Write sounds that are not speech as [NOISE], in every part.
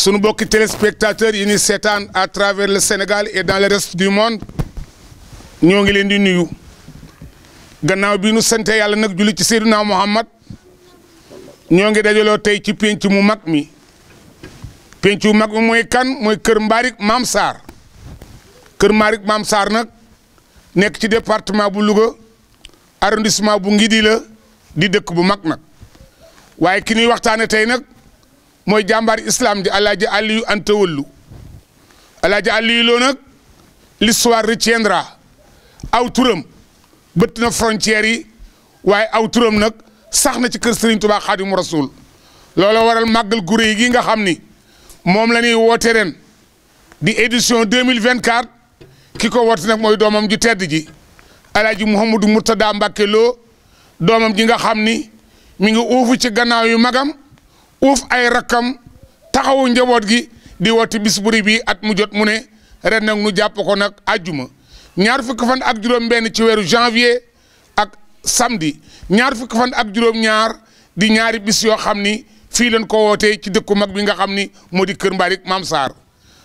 sunu mbokki téléspectateurs yi ni seetaan à travers le Sénégal et dans le reste du monde ñoo ngi leen di nuyu gannaaw bi nu sante yàlla nag julli ci Seydina Muhammad ñoo ngi dajaloo tey ci penc mu mag mi penc mu mag mi mooy kan mooy Kër Mbaarik Maam saar Kër Mbaarik Maam saar nag nekk ci département bu Louga arrondissement bu Ngidi la di dëkk bu mag nag waaye ki ñuy waxtaane tey nag mooy jàmbaar islam di alaaji Aliyu Anta Wëllu alaaji Aliyu loo nag l'histoire retiendra aw turam bëtt na frontières yi waaye aw turam nag sax na ci kër Serigne Touba Xaadimu Rasuul looloo waral màggal gu réy gi nga xam ni moom la woote ren di édition deux mille vingt quatre ki ko woote nag mooy doomam ju tedd ji El Hadj Mouhamadou Mourtada Mbacke Lo doomam ji nga xam ni mi ngi uufu ci gannaaw yu magam. uuf ay rakkam taxawu njaboot gi di woote bis buri bi at mu jot mu ne ren nag nu jàpp ko nag àjjuma ñaar fukk fan ak juróom-benn ci weeru janvier ak samedi ñaar fukk fan ak juróom-ñaar di ñaari bis yoo xam ni fii leen ko wootee ci dëkku mag bi nga xam ni moo di Kër Mbaarik Maam Sarr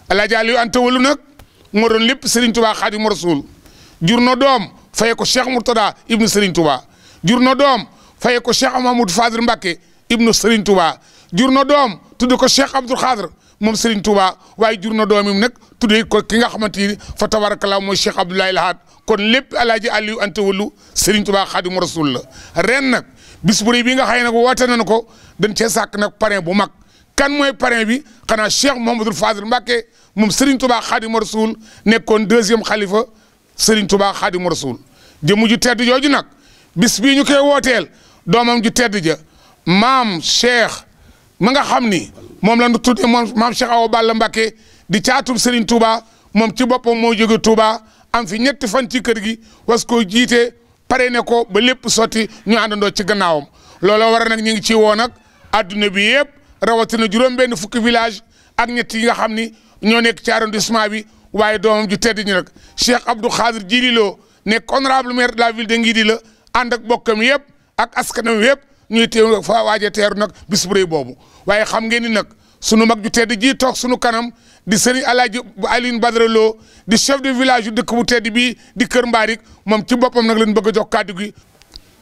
Alaaji Aliyu Anta Wali nag moo doon lépp Serigne Touba Xaadimu jur na doom faye ko Cheikh Mourtada ibnu Serigne Touba jur na doom faye ko Cheikh Mahmoud Fadil Mbacke ibnu Serigne Touba jur na doom tudd ko Cheikh Abdou Khadr moom Serigne Touba waaye jur na doomam nag tuddee ko ki nga xamante ni fa tabarakallah mooy Cheikh Abdoulaye Lahad kon lépp El Hadj Aliou Anta Wulu Serigne Touba Xaadimu Rasul la ren nag bis bu rëy bii nga xëy nag woote nañu ko dañ cee sàkk nag parrain bu mag. kan mooy parrain bi xanaa Cheikh Mouhamadul Fadil Mbacké moom Serigne Touba Xaadimu Rasul nekkoon deuxième xalifa Serigne Touba Xaadimu Rasul jëmm ju tedd jooju nag bis bii ñu koy wooteel doomam ju tedd ja maam Cheikh. ma nga xam ni moom la ñu tuddee moom maam Cheikh Awa Balla Mbacké di caatub Serigne Touba moom ci boppam moo jóge Touba am fi ñetti fan ci kër gi was ko jiite pare ne ko ba lépp sotti ñu àndandoo ci gannaawam looloo war nag ñu ngi ci woo nag aduna bi yëpp rawatina juróom-benn fukki village ak ñett yi nga xam ni ñoo nekk ci arrondissement bi waaye doomam ju tedd ñu nag Cheikh Abdou Khadir Jililo nekk honorable maire da la ville de Ngidi la ànd ak bokkam yëpp ak askanam yëpp ñuy teew fa waaje teeru nag bis bu rëy boobu waaye xam ngeen ni nag sunu mag ju tedd ji toog sunu kanam di sëriñ Alaaji Alioune Badara Lo di chef de village yu dëkk bu tedd bii di Kër Mbaarik moom ci boppam nag lañ bëgg a jox kàddu gi.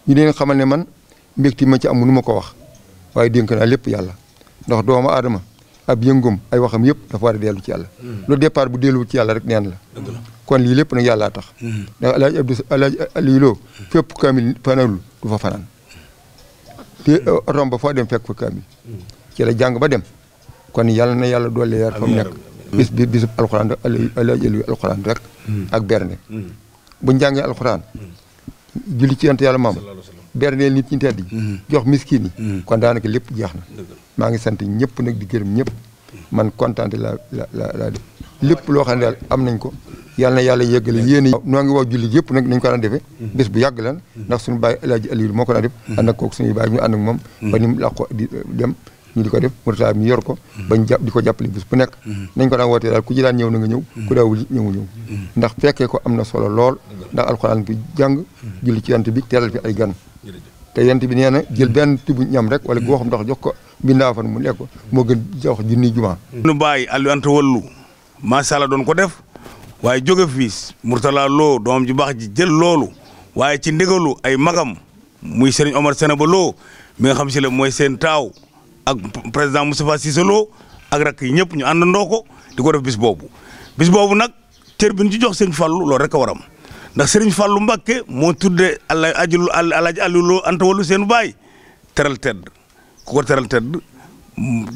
ñu leen xamal ne man ti ma ci am ma ko wax waaye dénk naa lépp yàlla ndax doomu aadama ab yëngum ay waxam yëpp dafa war a dellu ci yàlla. Hmm. lu départ bu delluwul ci yàlla rek neen la. kon lii lépp nag yàllaa tax. Hmm. ndax Alaaji Abdou Alaaji Alioune te eh, romb foo dem fekk fa kaamil ci la jàng ba dem kon yàlla na yàlla doole yar fa mu nekk bis bi bisub alxuraan rek alxuraan rek hmm. ak bernde hmm. bu njàngee alxuraan hmm. julli ci yonent yàlla maam berneel nit ñi tedd ji jox miskin yi kon daanaka lépp jeex na maa ngi sant ñëpp nag di gërëm ñëpp man kontaan la laa def lépp loo xam ne daal am nañ ko yàlla na yàlla yeggale yéen a noo ngi wax julli yëpp nag nañ ko daan defee mm-hmm. bés bu yàgg lan mm-hmm. ndax suñu bàyyi El Hadj Aliou moo ko daan def mm-hmm. ànd ak kooku suñuy bàyyi ñu ànd ak moom ba ni mu làqo di eh, dem ñu di ko def Mourtada mi yor ko bañ jàpp di ko jàppale bés bu nekk nañ ko daan wootee daal ku ji daan ñëw na nga ñëw ku daawul ñëw ñëw ndax fekkee ko am na solo lool ndax alxuraan bi jàng julli ci yant bi teelal fi ay gan te yant bi nee na jël benn tibu ñam rek wala boo xam ndox jox ko bindaa fan mu lekk ko moo gën jox junni jumaa nu bàyyi Aliou Anta Wallou macha allah doon ko def waaye jóge fii Mourtala loo doom ju baax ji jël loolu waaye ci ndigalu ay magam muy sëriñ Omar Sénéba loo mi nga xam si la mooy seen taaw ak président Moustapha Cissé Lo ak rakk ñëpp ñu àndandoo ko di ko def bis boobu. bis boobu nag cër bi ñu ci jox sëriñ Fallou loolu rek a waram ndax sëriñ Fallou Mbakke moo tuddee El Hadj Aliou Lo Anta Wallou seen baay teral tedd ku ko teral tedd.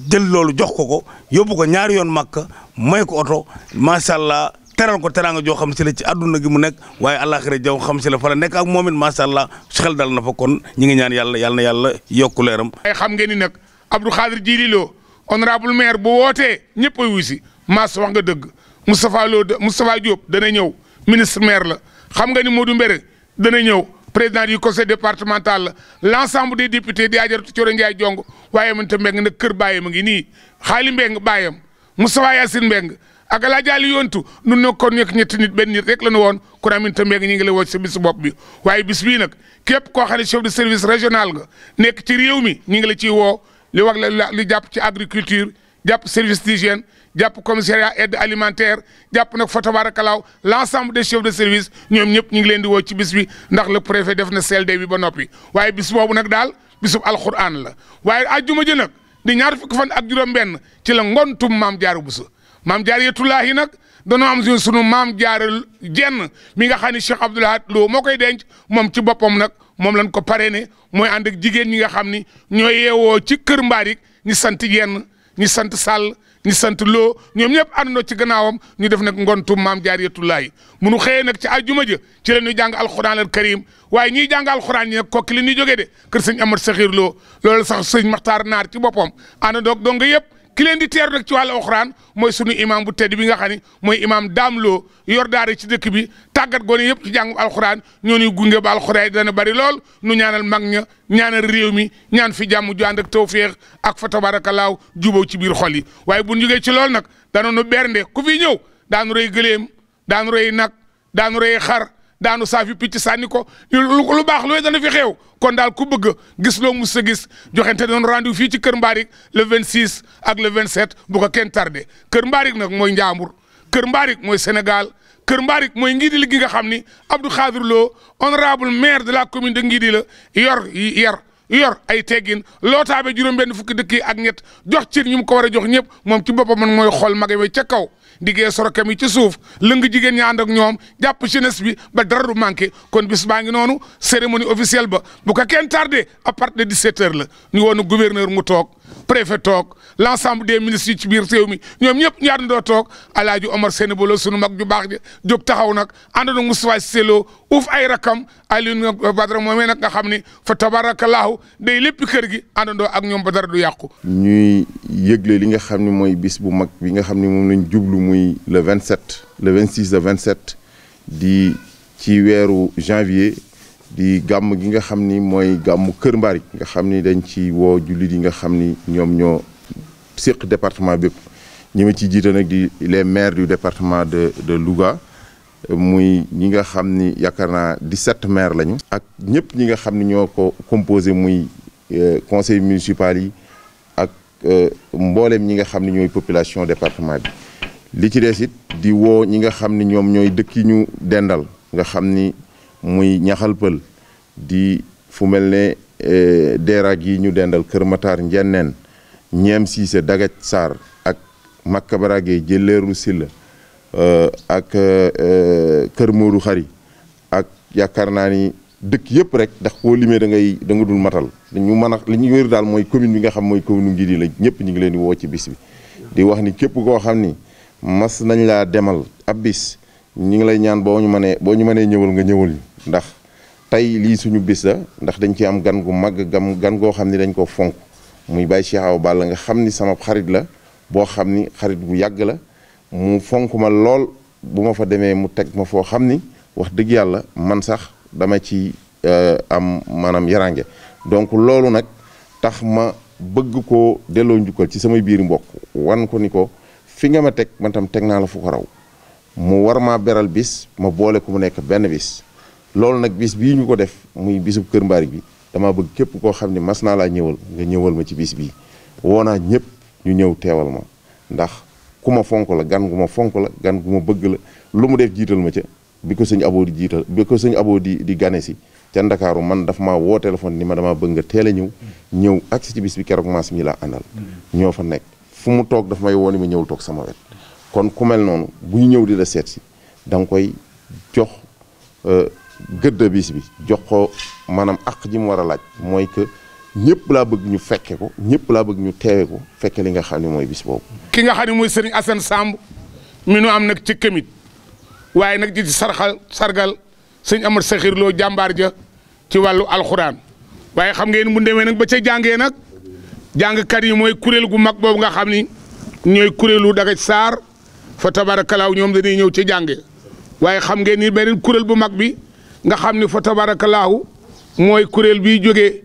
jël loolu jox ko ko yóbbu ko ñaari yoon màkk may ko oto macha allah teral ko joo xam si la ci àdduna gi mu nekk waaye àllaaxira jaw xam si la fa nekk ak moom it macha allah su xel dal na fa kon ñi ngi ñaan yàlla yàlla yàlla yokku leeram. waaye xam ngeen ni nag Abdou Khadir Djili Lo honorable maire bu wootee ñëpp a wuyu si Mass wax nga dëgg Moustapha Lo Moustapha Diop dana ñëw ministre maire la xam nga ni Modou Mbéré dana ñëw. président du conseil départemental l' ensemble des députés di ajaratu Thioro Ndiaye Diong waaye mënta Mbengue nag kër baayam a ngi nii xaali Mbengue baayam Moustapha Yacine Mbengue ak El Hadj Aliou Yontu ñun ñoo ko nekk ñetti nit benn nit rek la ñu woon kon Aminata Mbengue ñu ngi la woo ci bisu bopp bi waaye bis bii nag képp koo xam ne chef de service régional nga nekk ci réew mi ñu ngi la ciy woo li wax la li jàpp ci agriculture jàpp service d'hygiène jàpp commissariat aide alimentaire jàpp nag fa tabarakalaaw l' ensemble des chefs de service ñoom ñëpp ñu ngi leen di woo ci bis bi ndax le préfet def na CLD bi ba noppi waaye bis boobu nag daal bisub alquran la waaye àjjuma ji nag di ñaar fukki fan ak juróom-benn ci la ngontum maam jaaru busa maam jaar yetullaahi nag danoo am sunu maam jaar jenn mi nga xam ne Cheikh Abdoul Ahad moo koy denc moom ci boppam nag moom lañ ko parrainé mooy ànd ak jigéen ñi nga xam ni ñoo yeewoo ci kër mbaarik ñi sant jenn ñi sant sàll ñi sant loo ñoom ñëpp àndandoo ci gannaawam ñu def nag ngontu maam jaariyatullaahi munu xëyee nag ci àjjuma ja ci la ñuy al alxuraan al karim waaye ñiy jàng alxuraan ñi nag kokki li ñuy de kër sëñ Amar Saxiir loo loolu sax sëñ Maxtaar Naar ci boppam àndandoog dong yëpp ki leen di teeru nag ci wàllu alxuraan mooy sunu imam bu tedd bi nga xam ne mooy imaam Dame loo yor daara ci dëkk bi tàggat gone yëpp ci jàngum alxuraan ñooñu gunge ba alxuraan yi dana bari lool nu ñaanal mag ña ñaanal réew mi ñaan fi jàmm ju ànd ak tawféex ak fa tabarakallaaw jubóo ci biir xol yi waaye bu ñu jógee ci lool nag danoonu bernde ku fi ñëw daanu rey gëléem daanu rey nag daanu rey xar daanu saaf yu picc sànni ko lu baax lu dana fi xew kon daal ku bëgg gis loo mus a gis joxente doon rendez-vous fii ci Kër Mbaarik le 26 ak le vingt bu ko kenn tardé Kër Mbaarik nag mooy Njaambur Kër Mbaarik mooy Sénégal Kër Mbaarik mooy Ngidil gi nga xam ni Abdou Khadir Lo honorable maire de la commune de Ngidil la yor yor yor ay teggin lootaabe juróom-benn fukki dëkk yi ak ñett jox ci ñu mu ko war a jox ñëpp moom ci boppa mën mooy xool magay way ca kaw. diggee sorokam yi ci suuf lëng jigéen ñi ànd ak ñoom jàpp jeunesse ba dara du manqué kon bis baa noonu cérémonie officielle ba bu kenn tardé à de 17h la ñu woon gouverneur mu toog préfet toog l' ensemble des ministres biir réew mi ñoom ñëpp ñu àndandoo toog El Hadj Omar Sène Bolo sunu mag ju baax ja jóg taxaw nag àndandoo Moustapha Cissé Lo uuf ay rakam Alioune Badara moomee nag nga xam ni fa tabarakallahu day lépp kër gi àndandoo ak ñoom ba dara du yàqu. ñuy li nga xam ne mooy bis bu mag bi nga xam muy le 27 le 26 le 27 di ci weeru janvier di gàmm gi nga xam ni mooy gàmmu Kër Mbaarik nga xam ni dañ ci woo jullit yi nga xam ni ñoom ñoo séq département bépp ñi ma ciy jiite nag di les maire du département de de Louga muy ñi nga xam ni yaakaar naa 17 maires lañu. ak ñëpp ñi nga xam ni ñoo ko composé muy euh, conseil municipal yi ak euh, mbooleem ñi nga xam ni ñooy population département bi. li ci des it di woo ñi nga xam ni ñoom ñooy dëkk yi ñu dendal nga xam ni muy ñaxal pël di fu mel ne eh, deeraag yi ñu dendal Kër Matar Njenneen ñeem siise Dagaj Sarr ak Makka Barage Jëleeru Silla eh, ak eh, Kër Moodu Xari ak yaakaar naa ni dëkk yëpp rek ndax koo limee da ngay da dul matal ñu mën a li ñu wér daal mooy commune bi nga xam mooy commune ngir yi la ñëpp ñu ngi leen di woo ci bis bi di wax ni képp koo xam ni mas nañ laa demal ab bis ñu ngi lay ñaan boo ñu mënee boo ñu manee ñëwal nga ñëwal ñu ndax tey lii suñu bis la ndax dañ ci am gan gu màgg gam gan goo xam ni dañ ko fonk muy Baye Cheikh Awa nga xam ni sama xarit la boo xam ni xarit bu yàgg la fonk ma lool bu ma fa demee mu teg ma foo xam ni wax dëgg yàlla man sax dama ci euh, am maanaam yarange donc loolu nag tax ma bëgg koo delloo njukkal ci samay biir mbokk wan ko ni ko fi nga ma teg man tam teg naa la fu ko raw mu war maa beral bis ma boole ku mu nekk benn bis loolu nag bis bii ñu ko def muy bisu Kër mbaari bi dama bëgg képp koo xam ne mas naa laa ñëwal nga ñëwal ma ci bis bi woo naa ñëpp ñu ñëw teewal ma ndax ku ma fonk la gan gu ma fonk la gan gu ma bëgg la lu mu def jiital ma ca bi ko sëñ aboo di jiital bi ko sëñ aboo di di gane si ca ndakaaru man dafa ma woo téléphone ni ma dama bëgg nga teel a ñëw mm. ñëw agsi ci bis bi keroog maas mi laa mm. ñoo fa nekk fu mu toog daf may woon ma ñëw toog sama wet kon ku mel noonu bu ñu ñëw di la seet si da nga koy jox euh, gëdd bis bi jox ko maanaam àq ji mu war a laaj mooy que ñëpp laa bëgg ñu fekke ko ñëpp laa bëgg ñu teewe ko fekke li nga xam ne mooy bis boobu. ki nga xam ne mooy Serigne Assane Samb mi nu am nag ci këmit waaye nag di ci sargal sëñ amal Saxir Lo jàmbaar ja ci wàllu alxuraan waaye xam ngeen bu demee nag ba ca jàngee nag. jàngkat yi mooy kuréel gu mag boobu nga xam ni ñooy kuréelu Dagaj Saar fa tabaarakalaaw ñoom dañuy ñëw ci jànge waaye xam ngeen nii beneen kuréel bu mag bi nga xam ni fa tabaarakalaaw mooy kuréel bi jóge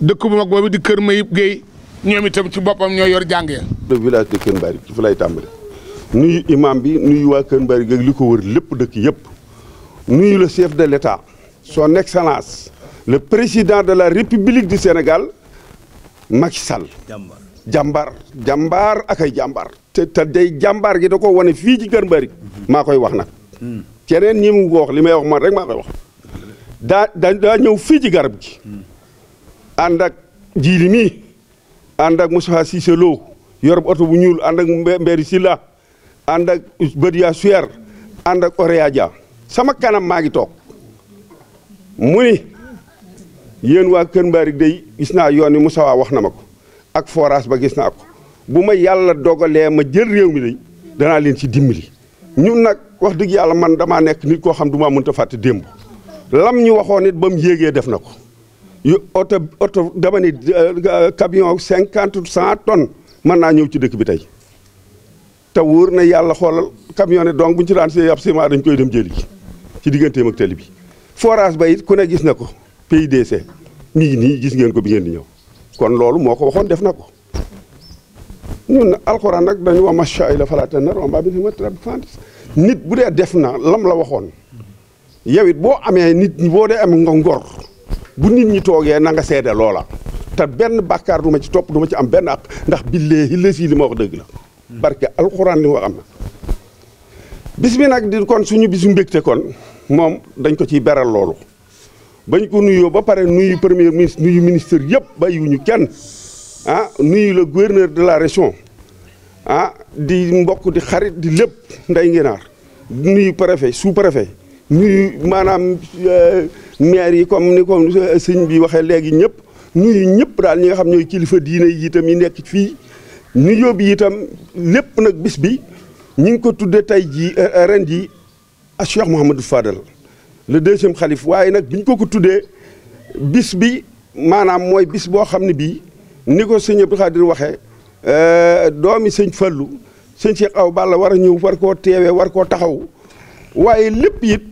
dëkk bu mag boobu di Kër Mayib Guèye ñoom itam ci boppam ñoo yor jànge le village de Kër Mbari bi fa lay tàmbale nuyu imam bi nuyu waa Kër Mbari gi li ko wër lépp dëkk yëpp nuyu le chef de l' soo son excellence le président de la république du Sénégal Macky Sall jàmbaar jàmbaar ak ay jàmbaar te te jàmbaar gi da ko wane fii ci Keur mhm. maa koy wax nag ceneen hmm. ñi mu ko wax li may wax man rek maa koy wax daa da ñëw fii ci garab gi hmm. ànd ak jiili mii ànd ak Moussa oto bu ñuul ànd ak Mbéri Silla ànd ak Badia Suer ànd ak sama kanam maa ngi toog mu yéen waa Kër Mbaarik day gis naa yoon wi Moussa wax na ma ko ak forage ba gis naa ko bu ma yàlla dogalee ma jël réew mi day danaa leen ci dimbali ñun nag wax dëgg yàlla man damaa nekk nit koo xam du maa mënta fàtte démb lam ñu waxoon it ba mu yéegee def na ko yu oto oto dama ni euh, camion cinquante cent tonnes mën naa ñëw ci dëkk bi tey te wóor na yàlla xoolal camion ne donc bu ñu ci daan see ab ciment dañ koy dem jëli ci digganteem ak tali bi forage ba it gis na ko PIDC mi ngi nii gis ngeen ko bi ngeen di ñëw kon loolu moo ko waxoon def na ko ñun alxuraan nag dañu wa macha la falaat nar wa mbaa bi ma nit bu dee def na lam la waxoon yow it boo amee nit ñi boo dee am nga ngor bu nit ñi toogee na nga seede loola te benn bàkkaar du ma ci topp duma ci am benn ak ndax billaahi lësi li ma wax dëgg la barke alxuraan li ma am na bis bi nag di kon suñu bisu mbégte kon moom dañ ko ciy beral loolu bañ ko nuyoo ba pare nuyu premier ministre nuyu ministre yëpp ñu kenn ah nuyu le gouverneur de la reson ah di mbokk di xarit di lépp nday ngi naar nuyu préfet su préfet nuyu maanaam euh, maire yi comme ni ko euh, sëñ bi waxee léegi ñëpp nuyu ñëpp daal ñi nga xam ñooy kilifa diine yi itam nekk fii nu yóbbi itam lépp nag bis bi ñi ngi ko tudde tey jii euh, ren jii Cheikh Mouhamadou Fadal le deuxième xalif waaye nag bi ñu ko ko tuddee bis bi maanaam mooy bis boo xam ne bii ni ko sëñ Abdou Khadir waxee euh, doomi sëñ Fallou sëñ Cheikh aw Balla war a ñëw war koo teewee war koo taxaw waaye lépp it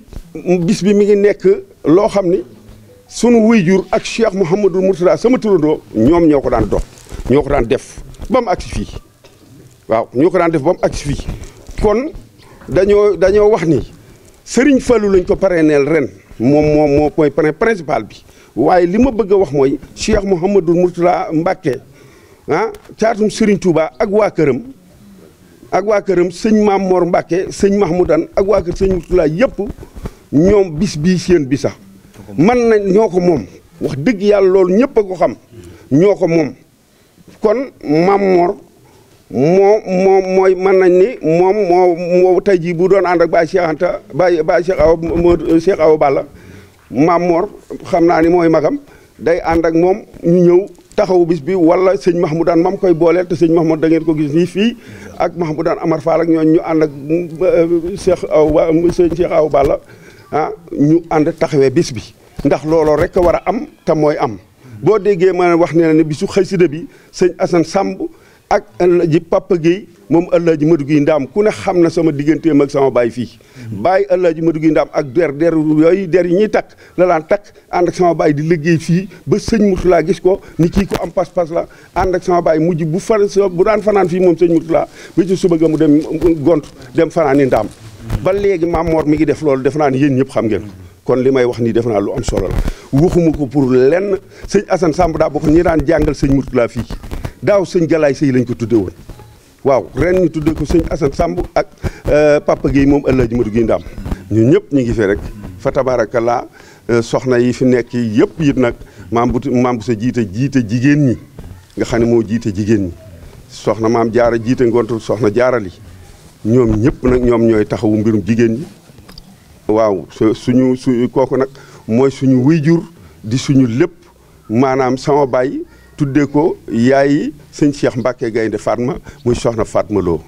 bis bi mi ngi nekk loo xam ni sunu wuy jur ak Cheikh Mouhamadul Mourtada sama turandoo ñoom ñoo ko daan dox ñoo ko daan def ba mu agsi fii waaw ñoo ko daan def ba mu agsi fii kon dañoo dañoo wax nii Serigne Fallou lañ ko parrainé ren moom moom moo mooy parrain principal bi waaye li ma bëgg a wax mooy Cheikh Mouhamadul Mourtala Mbacke ah caatum Serigne Touba ak waa këram ak waa këram sëñ Maam Mor Mbacke sëñ Mahmoudan ak waa kër sëñ Mourtala yëpp ñoom bis bi seen bi sax man na ñoo ko moom wax dëgg yàlla loolu ñëpp a ko xam ñoo ko moom kon Maam moom moom mooy mën nañ ni moom moo moo tey jii bu doon ànd ak Baye Cheikh Anta Baye Baye Cheikh Balla Maam moor xam naa ni mooy magam day ànd ak moom ñu ñëw taxawu bis bi wala sëñ Mahmoudane mam koy booleel te sëñ Mahmoud da ngeen ko gis nii fii ak Mahmoudane Amar Fall ak ñu ànd ak euh, Cheikh Awa sëñ Cheikh Awa Balla ah ñu ànd taxawee bis bi. ndax looloo rek war a am te mooy am boo déggee ma wax ne ne bisu xëy xasida bi sëñ Assane Samb. ak ji Papa Guèye moom Alaaji Madu Guèye Ndaam ku ne xam na sama digganteem ak sama baay fii baay Alaaji Madu Guèye Ndaam ak der der yooyu der yi ñuy takk la daan takk ànd ak sama baay di liggéey fii ba sëñ Murtala gis ko ni kii ko am pas-pas la ànd ak sama baay mujj bu fan bu daan fanaan fii moom sëñ Murtala ba ci suba ga mu dem gont dem fanaani Ndaam ba léegi Maam Mor mi ngi def loolu def naa ni yéen ñëpp xam ngeen kon li may wax nii def naa lu am solo la waxuma ko pour lenn sëñ Assane Samb daa bokk ñi daan jàngal sëñ Murtala fii daaw sëñ Galaay Sëy lañ ko tudde woon waaw ren ñu tuddee ko sëñ Assane Samb ak euh, Papa Guèye moom El Hadj Modou Guèye Ndam ñu ñëpp ñu ngi fee rek fa tabaarakallaa euh, soxna yi fi nekk yëpp it nag maam bu maam bu sa jiite jiite jigéen ñi nga xam ne moo jiite jigéen ñi soxna maam jaara jiite ngontu soxna jaarali ñoom ñëpp nag ñoom ñooy taxawu mbirum jigéen ñi waaw suñu su kooku nag mooy suñu wéyjur di suñu lépp maanaam sama baay tuddee ko yaayi sëñ Cheikh Mbacke Gaynde Fatma muy soxna Fatma Lo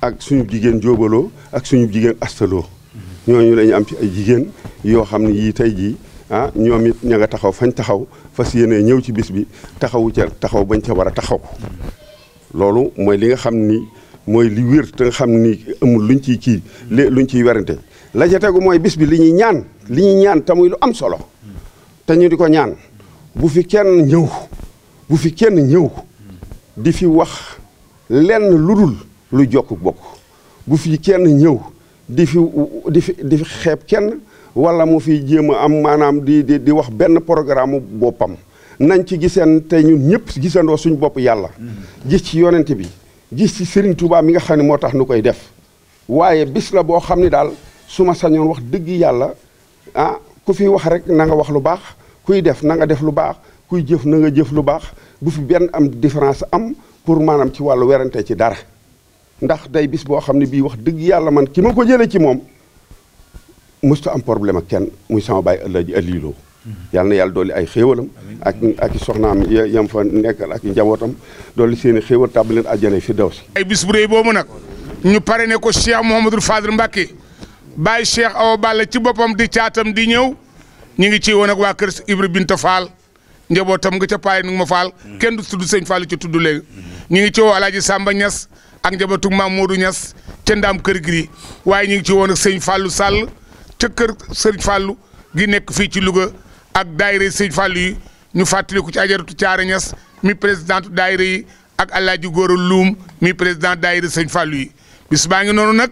ak suñu jigéen jóobaloo ak suñu jigéen astaloo ñooñu la am ci ay jigéen yoo xam ne yii tey jii ah ñoom it ña nga taxaw fañ taxaw fas yéene ñëw ci bis bi taxawu ca taxaw bañ ca war a taxaw loolu mooy li nga xam ni mooy li wér te nga xam ni amul luñ ciy kii luñ ciy werante la ca tegu mooy bis bi li ñuy ñaan li ñuy ñaan te lu am solo te ñu di ko ñaan bu fi kenn ñëw bu fi kenn ñëw di fi wax lenn lu dul lu jokk bokk bu fi kenn ñëw di fi di fi di kenn wala mu fi jéem a am maanaam di di di wax benn programme boppam nañ ci giseen te ñun ñëpp gisandoo suñu bopp yàlla mm-hmm. gis ci yonent bi gis ci Serigne Touba mi nga xam ne moo tax nu koy def waaye bis la boo xam ne daal su ma sañoon wax dëgg yàlla ah ku fi wax rek na nga wax lu baax kuy def na nga def lu baax kuy jëf na nga jëf lu baax bu fi benn am différence am pour maanam ci wàllu werante ci dara ndax day bis boo xam ne bii wax dëgg yàlla man ki ma ko jëlee ci moom mësta am problème ak kenn muy sama baay Alaaji Aliiloo yàlla na yàlla dolli ay xéewalam ak ak soxnaam yam fa nekkal ak njabootam dolli seen i xéewal tàbbi leen àjjana fi daw si ay bis bu réy boobu nag ñu pare ne ko Cheikh Mouhamadul Fadil Mbacke bàyyi Cheikh Awa Balla ci boppam di caatam di ñëw ñu ngi ci woon waa kër Ibra Binta Fall njabootam nga ca paay nu ma faal kenn du tudd sëñ Fallou ci tudd léegi ñu ngi ci woo Alaaji Samba Niass ak njabootu ma Modou Niass ca ndaam kër gi waaye ñu ngi ci woon ak sëñ Fallou Sall ca kër sëñ Fallou gi nekk fii ci Louga ak daayira sëñ Fallou yi ñu fàttaliku ci ajaratu Thiaré Niass mi président daayira yi ak Alaaji Gora Loum mi président daayira sëñ Fallou yi bis baa ngi noonu nag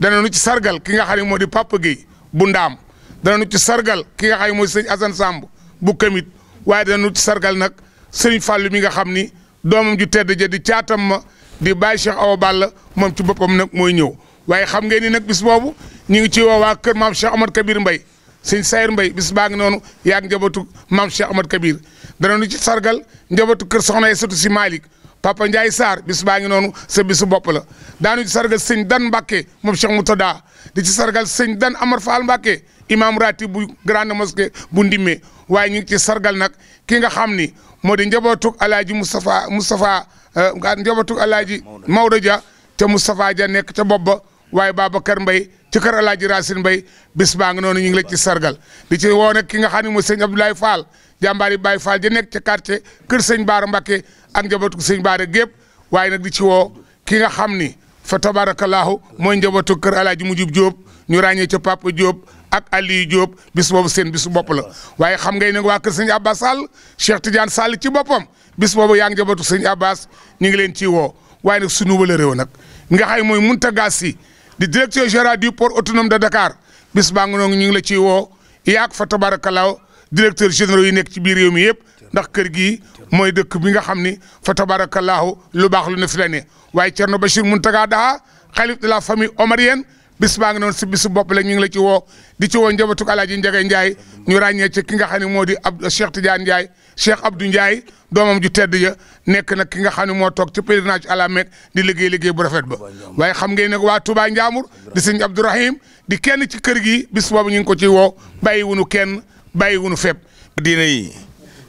danañu ci sargal ki nga xam ne moo di Papa Guèye bu ndaam danañu ci sargal ki mooy sëñ Assane Samb bu kamit waaye danu sargal nag sëriñ Fallou mi nga xam ni doomam ju tedd ja di caatam ma di bàyyi Cheikh Awa Balla moom ci boppam nag mooy ñëw waaye xam ngeen ni nag bis boobu ñu ngi ci woo waa kër maam Cheikh Amad Kabir Mbaye sëñ Sayir mbay bis baa ngi noonu yaag njabootu maam Cheikh Amad Kabir danañu ci sargal njabootu kër soxna yi surtout si Malick papa Ndiaye Sarr bis baa ngi noonu sa bisu bopp la daanu ci sargal sëñ Dan Mbacke moom Cheikh Moutada di ci sargal sëñ Dan Amar Fall Mbacke imam rati bu grande mosquée bu ndimmee waaye ñu ngi ci sargal nag ki nga xam ni moo di njabootug alaaji Moustapha Moustapha euh, njabootug alaaji Maodo Dia te Moustapha Dia nekk ca bopp ba waaye Babacar Mbaye ci kër alaaji Racine Mbaye bis baa nga noonu ñu ngi la ci sargal di ci woo nag ki nga xam ne mooy sëñ Abdoulaye Fall jàmbaari Baye Fall ja nekk ca quartier kër sëñ Baara mbake ak njabootug sëñ Baara gépp waaye nag di ci woo ki nga xam ni fa tabarakallahu mooy njabootug kër alaaji Mujub Diop ñu ràññee ca Papa Diop ak Aliou Diop bis boobu seen bisu bopp la waaye ngay ne waa kër sëñ Abbas Sall Cheikh Tidiane Sall ci boppam bis boobu yaa ngi jabatu sëñ Abbas ñu ngi leen ciy woo waaye nag sunu wala réew nag nga xay mooy Mountaga Sy di directeur général du port autonome de Dakar bis baa nga noonu ñu ngi la ciy woo yaak fa tabarakalaw directeur généraux yi nekk ci biir réew mi yëpp ndax kër gi mooy dëkk bi nga xam ni fa tabarakallaahu lu baax lu ne fi la ne waaye Thierno Bachir Mountaga Daha daa de la famille omarienne bis baa ngi noonu si bisu bopp la ñu ngi la ci woo di ci woo njabootu Alaaji Njege Njaay ñu ràññee ci ki nga xam ne moo di ab Cheikh Tidiane Ndiaye Cheikh Abdou Ndiaye doomam ju tedd ja nekk nag ki nga xam ne moo toog ci pèlerinage à la Mecque di liggéey liggéey bu rafet ba waaye xam ngeen nag waa Touba Ndiamour di sëñ Abdourahim di kenn ci kër gi bis boobu ñu ngi ko ci woo bàyyi wunu kenn bàyyi wunu fépp diina yi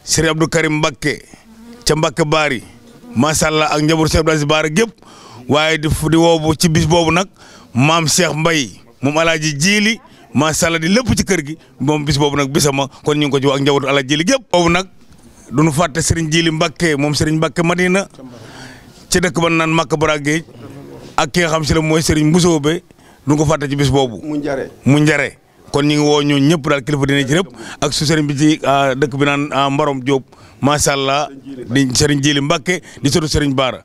Serigne Abdou Karim Mbakke ca Mbakke Baari macha allah ak njaboot Cheikh Abdou Aziz Baara gépp waaye di woo ci bis boobu nag maam Cheikh Mbaye moom alaaji jiili macha allah di lépp ci kër gi moom bis boobu nag bisama kon ñu ngi ko ci wax ak njabootu alaaji jiili gépp boobu nag du ñu fàtte Serigne Jiili Mbacke moom Serigne Mbacke Madina ci dëkk ba naan Makka Baragéej ak ki nga xam si la mooy Serigne Mbusoobe du ko fàtte ci bis boobu. mu njare mu njare kon ñu ngi woo ñun ñëpp daal kilifa dina ci rëpp ak su Serigne bi ci ah, dëkk bi naan ah, Mborom Diop macha allah di Serigne Jiili Mbacke di sori Serigne Baara.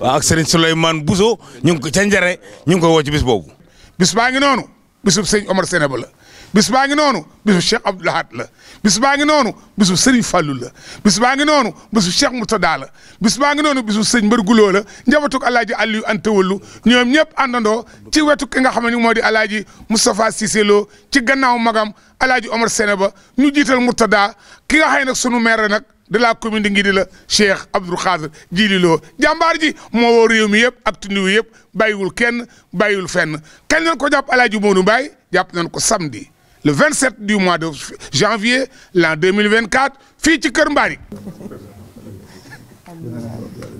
waaw ak sëriñ Souleymane Bousso ñu ngi ko ca njare ñu ngi koy woo ci boobu bis baa ngi noonu bisub sëñ Omar Sénéba la bis baa ngi noonu bisu Cheikh Abdou Lahad la bis baa ngi noonu bisu Serigne Fallou la bis baa ngi noonu bisu Cheikh Moutada bis baa ngi noonu bisu sëñ Mbër Guloo la njabootug alaaji Aliou Anta Wallu ñoom ñëpp àndandoo ci wetu ki nga xam ne moo di alaaji Moustapha Cissé Lo ci gannaaw magam alaaji Omar Sénéba ñu jiital Moutada ki nga xëy nag sunu meere nag de la commune de Ngidila Cheikh Abdou Khadre Djily Lo jàmbaar ji moo woo réew mi yëpp ak tund wi yëpp bàyyiwul kenn bàyyiwul fenn kañ lañ ko jàpp El Hadj Modou jàpp nañ ko samedi le 27 du mois de janvier l'an 2024 fii ci Kër Mbari. [LAUGHS]